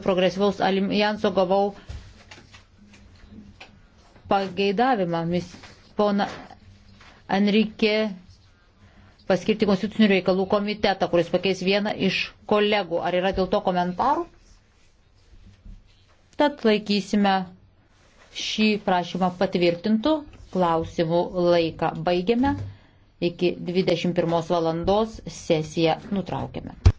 progresyvaus alijanso gavau pageidavimą. Mis pona Enrique paskirti konstitucinių reikalų komitetą, kuris pakeis vieną iš kolegų. Ar yra dėl to komentarų? Tad laikysime šį prašymą patvirtintų klausimų laiką. Baigiame. Iki 21 valandos sesiją nutraukėme.